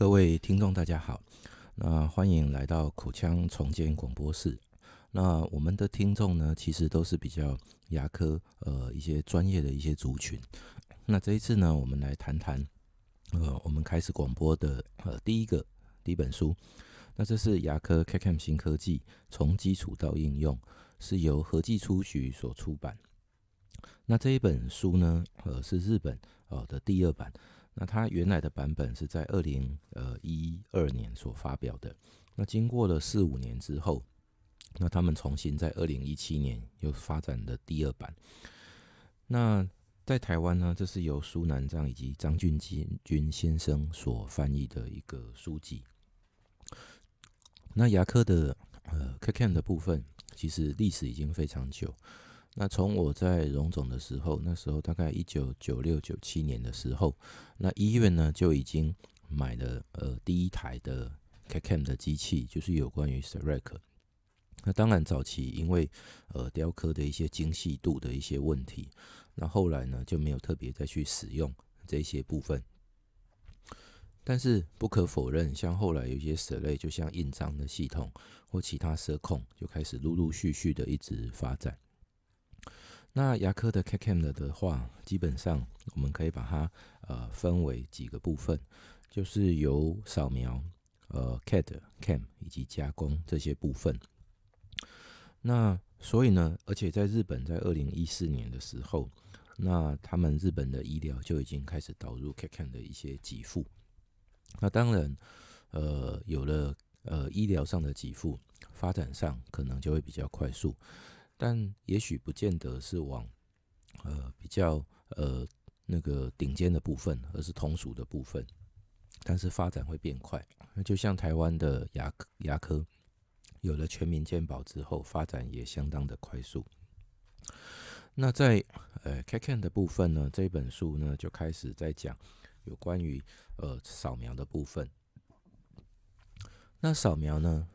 各位聽眾，大家好。那歡迎來到口腔重建廣播室。那我們的聽眾呢，其實都是比較牙科呃一些專業的一些族群。那這一次呢，我們來談談呃我們開始廣播的呃第一個第一本書。那這是牙科 CAD/CAM 新科技，從基礎到應用，是由合記書局所出版。那這一本書呢，呃是日本呃的第二版。那它原來的版本是在二零呃一二年所發表的，那經過了四五年之後，那他們重新在二零一七年又發展的第二版。那在台灣呢，這是由蘇南章以及張俊金君先生所翻譯的一個書籍。那牙科的呃 CAD/CAM 的部分，其實歷史已經非常久。那從我在榮總的時候，那時候大概一九九六九七年的時候，那醫院呢就已經買了呃第一台的 CAD/CAM 的機器，就是有關於 CEREC。那當然早期因為呃雕刻的一些精細度的一些問題，那後來呢就沒有特別再去使用這些部分。但是不可否認，像後來有一些設類就像印章的系統或其他設控，就開始陸陸續續的一直發展。那牙科的 CAD/CAM 的話，基本上我們可以把它呃分為幾個部分，就是有掃描、呃 CAD、CAM 以及加工這些部分。那所以呢，而且在日本在二零一四年的時候，那他們日本的醫療就已經開始導入 CAD/CAM 的一些給付。那當然，呃，有了呃醫療上的給付，發展上可能就會比較快速。但也許不見得是往呃比較呃那個頂尖的部分，而是同屬的部分，但是發展會變快。那就像台灣的牙科，牙科有了全民健保之後，發展也相當的快速。那在呃 CAD/CAM 的部分呢，這本書呢就開始在講有關於呃掃描的部分。那掃描呢？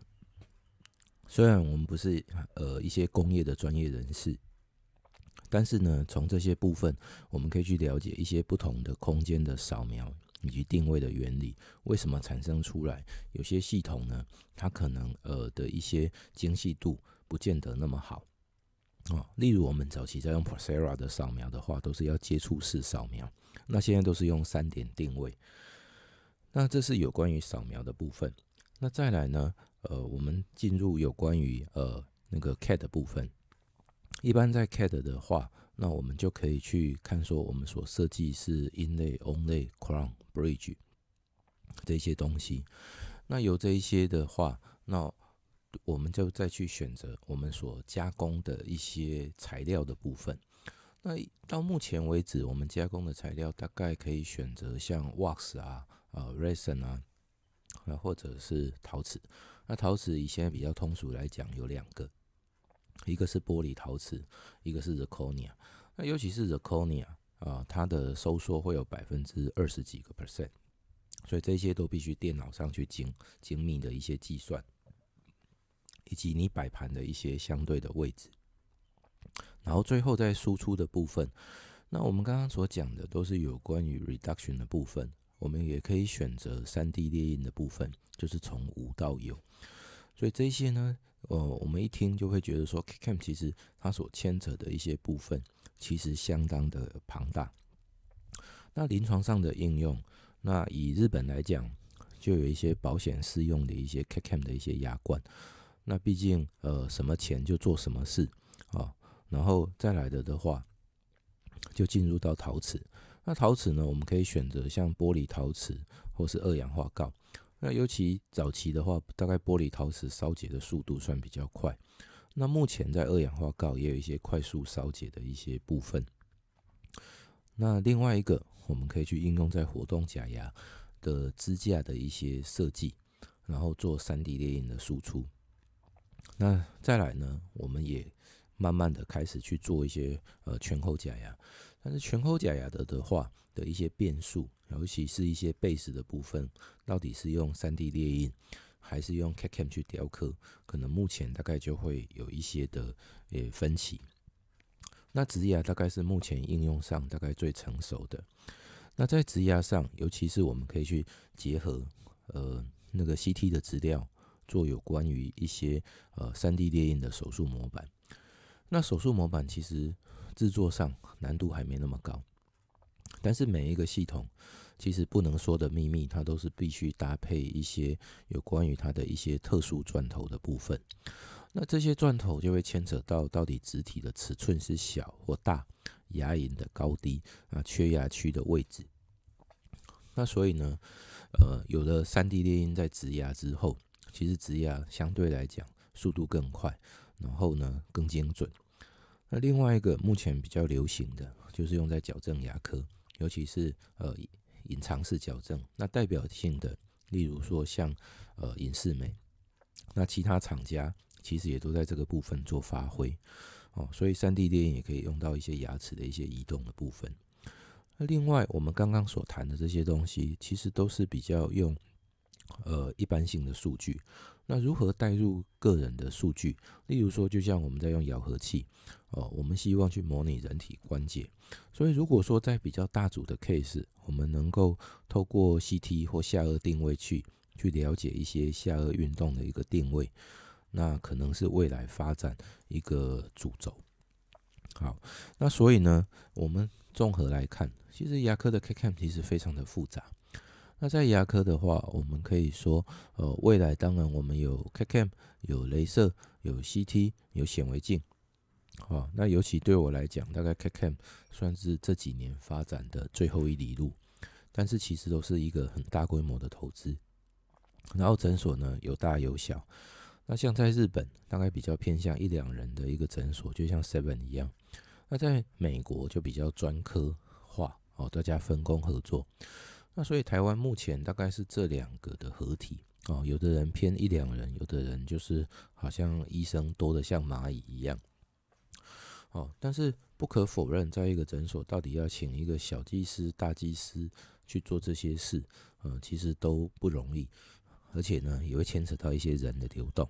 雖然我們不是呃一些工業的專業人士，但是呢，從這些部分，我們可以去了解一些不同的空間的掃描以及定位的原理，為什麼產生出來？有些系統呢，它可能呃的一些精細度不見得那麼好啊。哦，例如，我們早期在用 Procera 的掃描的話，都是要接觸式掃描，那現在都是用三點定位。那這是有關於掃描的部分。那再來呢，呃，我們進入有關於呃那個 CAD 的部分。一般在 CAD 的話，那我們就可以去看說，我們所設計是 Inlay、Onlay Crown、Bridge 這些東西。那有這一些的話，那我們就再去選擇我們所加工的一些材料的部分。那到目前為止，我們加工的材料大概可以選擇像 Wax 啊、呃、Resin 啊。啊，或者是陶瓷。那陶瓷以現在比較通俗來講，有兩個，一個是玻璃陶瓷，一個是 zirconia。那尤其是 zirconia 啊，它的收縮會有百分之二十幾個 percent，所以這些都必須電腦上去精精密的一些計算，以及你擺盤的一些相對的位置。然後最後在輸出的部分，那我們剛剛所講的都是有關於 reduction 的部分。我們也可以選擇三 D 列印的部分，就是從無到有。所以這些呢，呃，我們一聽就會覺得說，CAD/CAM 其實它所牽扯的一些部分，其實相當的龐大。那臨床上的應用，那以日本來講，就有一些保險適用的一些 CAD/CAM 的一些牙冠。那畢竟，呃，什麼錢就做什麼事，哦，然後再來的的話，就進入到陶瓷。那陶瓷呢，我們可以選擇像玻璃陶瓷或是二氧化鋯。那尤其早期的話，大概玻璃陶瓷燒結的速度算比較快。那目前在二氧化鋯也有一些快速燒結的一些部分。那另外一個，我們可以去應用在活動假牙的支架的一些設計，然後做三 D 列印的輸出。那再來呢，我們也。慢慢的開始去做一些呃全口假牙，但是全口假牙的的話的一些變數，尤其是一些 base 的部分，到底是用 3D 列印還是用 CAD/CAM 去雕刻，可能目前大概就會有一些的誒、欸、分歧。那植牙大概是目前應用上大概最成熟的。那在植牙上，尤其是我們可以去結合呃那個 CT 的資料，做有關於一些呃 3D 列印的手術模板。那手術模板其實製作上難度還沒那麼高，但是每一個系統其實不能說的秘密，它都是必須搭配一些有關於它的一些特殊鑽頭的部分。那這些鑽頭就會牽扯到到底植體的尺寸是小或大，牙齦的高低啊，缺牙區的位置。那所以呢，呃，有了 3D 列印在植牙之後，其實植牙相對來講速度更快。然後呢，更精準。那另外一個目前比較流行的就是用在矯正牙科，尤其是呃隱藏式矯正。那代表性的，例如說像呃隱適美，那其他廠家其實也都在這個部分做發揮。哦，所以 3D 電影也可以用到一些牙齒的一些移動的部分。那另外我們剛剛所談的這些東西，其實都是比較用呃一般性的數據。那如何帶入個人的數據？例如說，就像我們在用咬合器哦，我們希望去模擬人體關節。所以，如果說在比較大組的 case，我們能夠透過 CT 或下顎定位去去了解一些下顎運動的一個定位，那可能是未來發展一個主軸。好，那所以呢，我們綜合來看，其實牙科的 CAD/CAM 其實非常的複雜。那在牙科的話，我們可以說，呃、哦，未來當然我們有 CAD/CAM，有雷射，有 CT，有顯微鏡。好、哦，那尤其對我來講，大概 CAD/CAM 算是這幾年發展的最後一里路，但是其實都是一個很大規模的投資。然後診所呢有大有小，那像在日本大概比較偏向一兩人的一個診所，就像 seven 一樣。那在美國就比較專科化，哦，大家分工合作。那所以台灣目前大概是這兩個的合體哦，有的人偏一兩人，有的人就是好像醫生多得像螞蟻一樣哦。但是不可否認，在一個診所到底要請一個小技師、大技師去做這些事，嗯、呃，其實都不容易，而且呢也會牽扯到一些人的流動。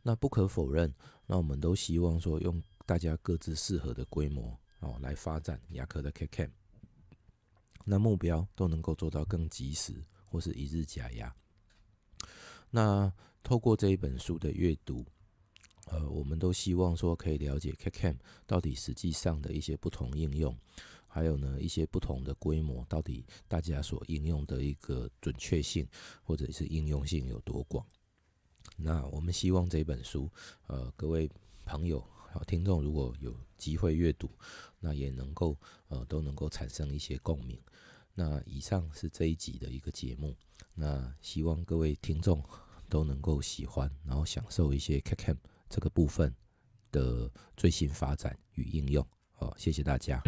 那不可否認，那我們都希望說用大家各自適合的規模哦來發展牙科的 CAD/CAM。那目標都能夠做到更及時，或是一日假牙。那透過這一本書的閱讀，呃，我們都希望說可以了解 CAD/CAM 到底實際上的一些不同應用，還有呢一些不同的規模，到底大家所應用的一個準確性，或者是應用性有多廣。那我們希望這本書，呃，各位朋友。好，聽眾如果有機會閱讀，那也能夠呃都能夠產生一些共鳴。那以上是這一集的一個節目，那希望各位聽眾都能夠喜歡，然後享受一些 CAD/CAM 這個部分的最新發展與應用。好，謝謝大家。